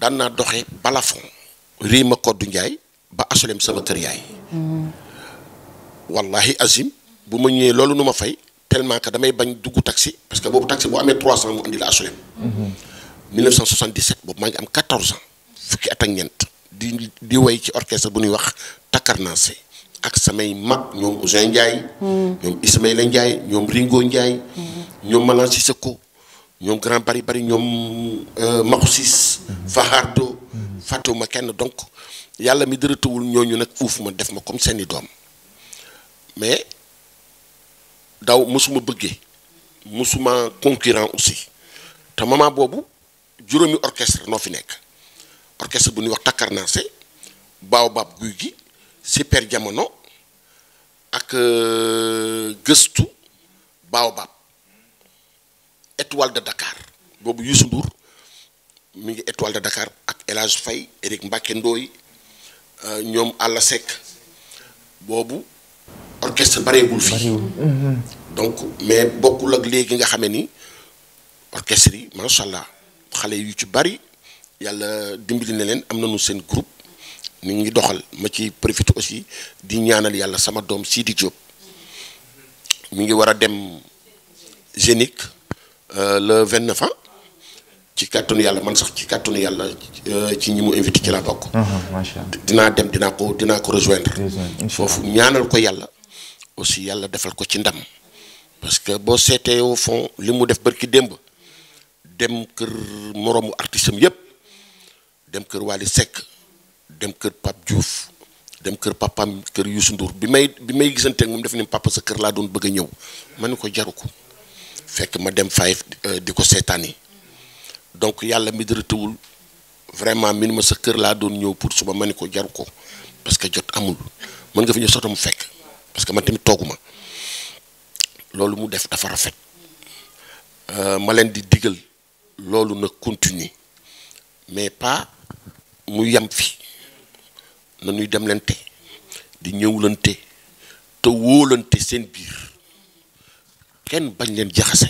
daan naa doxee balafon rii ma koddu njaay ba asolem sama kër yaay wallahi azim bu ma ñëwee loolu nu ma fay tellement que damay bañ dugg taxi parce que boobu taxi boo amee 300 mu andi la asolem 1977 boobu maa ngi am 14 ans fukki at ak ñeent di di way ci orchestre bu ñuy wax Takarnase ak samay mag ñoom Ousin Ndiaye hmm. ñoom Ismaïla Ndiaye ñoom Ringo Ndiaye hmm. ñoom sa Sissoko ñoom grand bari bari ñoom euh, maxusis mhm. fahardo mhm. fàttewuma kenn donc yàlla mi dërëtawul ñooñu nag uuf ma def ma comme seeni doom mais daw mosuma bëggee mosuma concurrent aussi te moment boobu juróomi orchestre noo fi nekk orchestre bu ñuy wax takkarnaase baobab guy gi super jamono ak euh, gëstu baobab étoile de Dakar boobu Youssou Ndour mi ngi étoile de Dakar ak El fay Faye Éric Mbacké Ndoye euh, ñoom Alla Seck boobu orchestre bareegul fii mhm. donc mais bokkul ak léegi nga xamee ni orchestre yi macha allah xale yu ci bari yàlla dimbali na leen am na nañu seen groupe mu ngi doxal ma ci profité aussi di ñaanal yàlla sama doom Sidi Diop mi ngi war a dem Zénith Euh, le 29 ans ci kàttanu yàlla man sax ci kàttanu yàlla euh, ci ñi mu invité ci laa bokk. Mhm, dinaa dem dinaa ko dinaa ko rejoindre. foofu ñaanal ko yàlla. aussi yàlla defal ko ci ndam. parce que boo seetee au fond li mu def barki démb dem kër moroomu artistam yépp dem kër Wally Seck dem kër Pape juuf dem kër papam kër Youssou Ndour bi may bi may gisanteeg moom def ni papa sa kër laa doon bëgg a ñëw ma ne ko jaru ko. fekk ma dem fay euh, di ko seetaan yi donc yàlla mi dara tëwul vraiment min ma sa kër laa doon ñëw pour suba ma ni ko jaru ko parce que jot amul mën nga fi ñëw soto mu fekk parce que man tamit tooguma loolu mu def dafa rafet euh, ma leen di digal loolu na continuer mais pas mu yam fi na ñuy demlante di ñëwlante te wóolante seen biir kenn bañ leen jaxase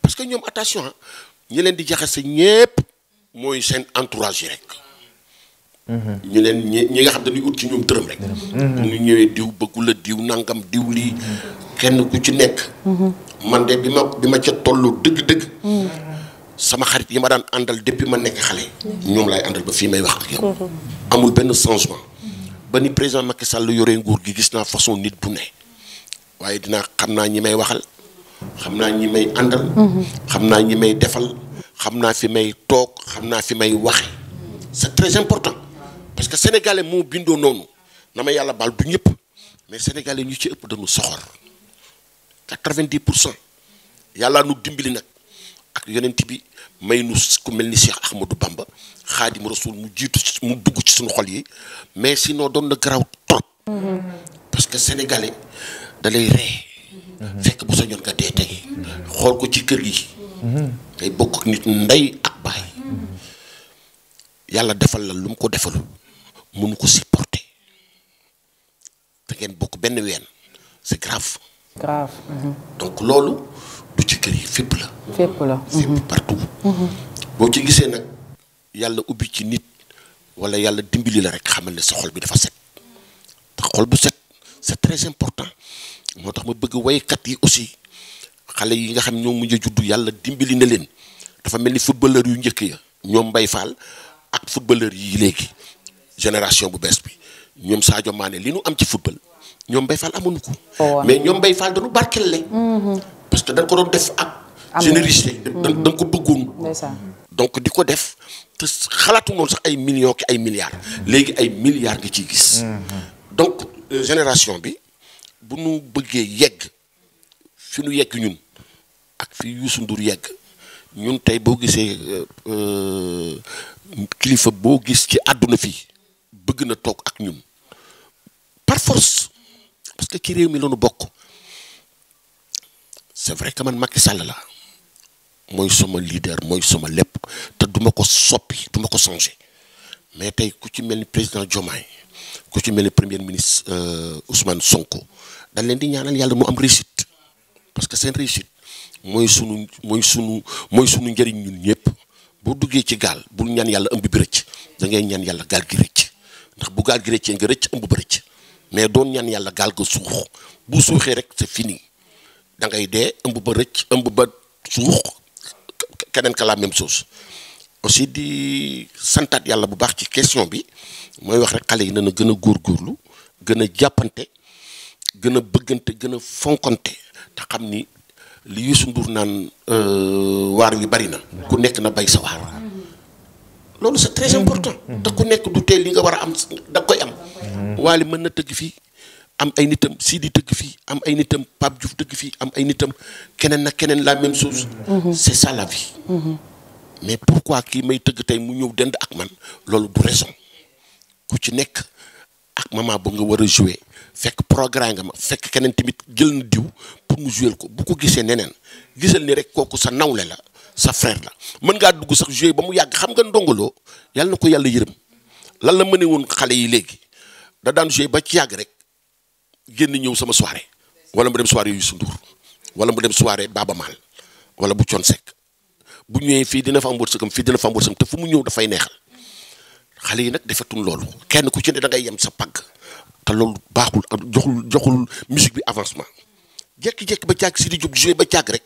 parce que ñoom attention ñi leen di jaxase ñépp mooy seen entourage yi rek. Mhm. ñu leen ñi ñi nga xam dañuy ut ci ñoom dërëm rek. ñu mhm. ñëwee diw bëggula diw nangam diw lii mhm. kenn ku ci nekk. man de bi ma bi ma ca tollu dëgg-dëgg. sama xarit yi ma daan àndal depuis ma nekk xale. ñoom laay àndal ba fii may wax ak yow. amul benn changement. ba ni président Macky Sall yoree nguur gi gis naa façon nit bu ne waaye dina xam naa ñi may waxal. xam naa ñi may àndal. Mhm. xam naa ñi may defal. xam naa fi may toog xam naa fi may waxe c'est très important parce que sénégalais moo bindoo noonu na ma yàlla baal du ñëpp mais sénégalais ñu ci ëpp dañu soxor quatre vingt pour cent yàlla nu dimbali nag ak yonent bi may nu ku mel ni Cheikh Ahmadou Bamba Xaadimu Rasuul mu jiitu mu dugg ci suñu xol yi mais sinon doon na garaaw trop. Mhm. parce que sénégalais da lay fekk bu sañoon nga dee tey xool ko ci kër gi ngay bokk nit ndey ak baay yàlla defal la lu mu ko defalul mënu ko supporter te ngeen bokk benn ween c'est grave. donc loolu du ci kër yi fépp la. fépp la. fépp partout. boo ci gisee nag yàlla ubbi ci nit wala yàlla dimbili la rek xamal ne sa xol bi dafa set te xol bu set c'est très important moo tax ma bëgg waykat yi aussi xale yi nga xam ñoo mujj a juddu yàlla dimbali na leen dafa mel ni footballeur yu njëkk ya ñoom mbay Fall ak footballeur yi léegi génération bu bees bi ñoom Sadio Mané li nu am ci football ñoom mbay Fall oh, amuñu ko. mais ñoom Mbaye Fall dañu barkeel le mm-hmm. parce que dañ ko doon def ak. générosité dañ mm-hmm. dañ ko bëggoon. donc di ko def te xalaatu noonu sax ay million ki ay milliards léegi ay milliards ngi ciy gis. Mm-hmm. donc euh, génération bi. bu nu bëggee yegg fi nu yegg ñun ak fi Youssou Ndour yegg ñun tey boo gisee euh, kilifa boo gis ci àdduna fi bëgg na toog ak ñun par force parce que ci réew mi la nu bokk c'est vrai que man Macky Sall la mooy sama leader mooy sama lepp te duma ko soppi duma ko changer mais tey ku ci mel ni président Diomaye ku ci mel ni premier ministre euh, Ousmane Sonko dañ leen di ñaanal yàlla mu am réussite parce que seen réussite mooy sunu mooy sunu mooy sunu njëriñ ñun ñëpp boo duggee ci gaal bul ñaan yàlla ëmb bi rëcc da ngay ñaan yàlla gaal gi rëcc ndax bu gaal gi rëccee nga rëcc ëmb ba rëcc mais doon ñaan yàlla gaal ga suux bu suuxee rek c'est fini da ngay dee ëmb ba rëcc ëmb ba suux keneen ka soos aussi di santaat yàlla bu baax ci question bi mooy wax rek xale yi dana gën a góorgóorlu gën a jàppante gën a bëggante gën a fonkante te xam ni li Youssou Ndour naan euh, waar wi bari na ku nekk na bay sa waar loolu c'est très important te ku nekk du teel li nga war a am da koy am waali mën na tëgg fii am ay nitam di tëgg fii am ay nitam Pape Diouf tëgg fii am ay nitam keneen na keneen la même chose mm-hmm. c'est ça la vie mm-hmm. mais pourquoi kii may tëgg tey mu ñëw dend ak man loolu du raison ku ci nekk ak moment ba nga war a jouer fekk programme nga ma fekk keneen tamit jël na diw pour mu jouer ko bu ko gisee neneen gisal ni rek kooku sa nawle la sa frère la mën ngaa dugg sax jouer ba mu yàgg xam nga loo yàlla na ko yàlla yërëm lan la ne woon xale yi léegi da daan jouer ba ci yàgg rek génn ñëw sama soirée wala mu dem soirée Youssou Ndour wala mu dem soirée Baaba ma wala bu Thione Seck bu ñëwee fii dina fa am wërsëgam fii dina fa am wërsëgam te fu mu ñëw dafay neexal xale yi nag defetuñ loolu kenn ku ci ne dangay ngay yem sa pàgg te loolu baaxul joxul joxul musique bi avancement jékki-jékki ba càgg si di jub joué ba càgg rek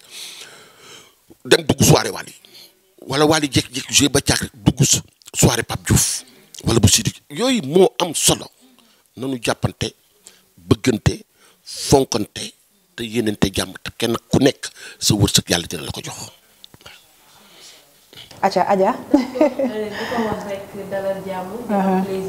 dem dugg soirée Wally wala Wally jékki-jékki joué ba càgg rek dugg soirée Pape Diouf wala bu Sidi yooyu moo am solo nanu jàppante bëggante fonkante te yéenante jàmm te kenn ku nekk sa wërsëg yàlla dina la ko jox. aca aja euh, di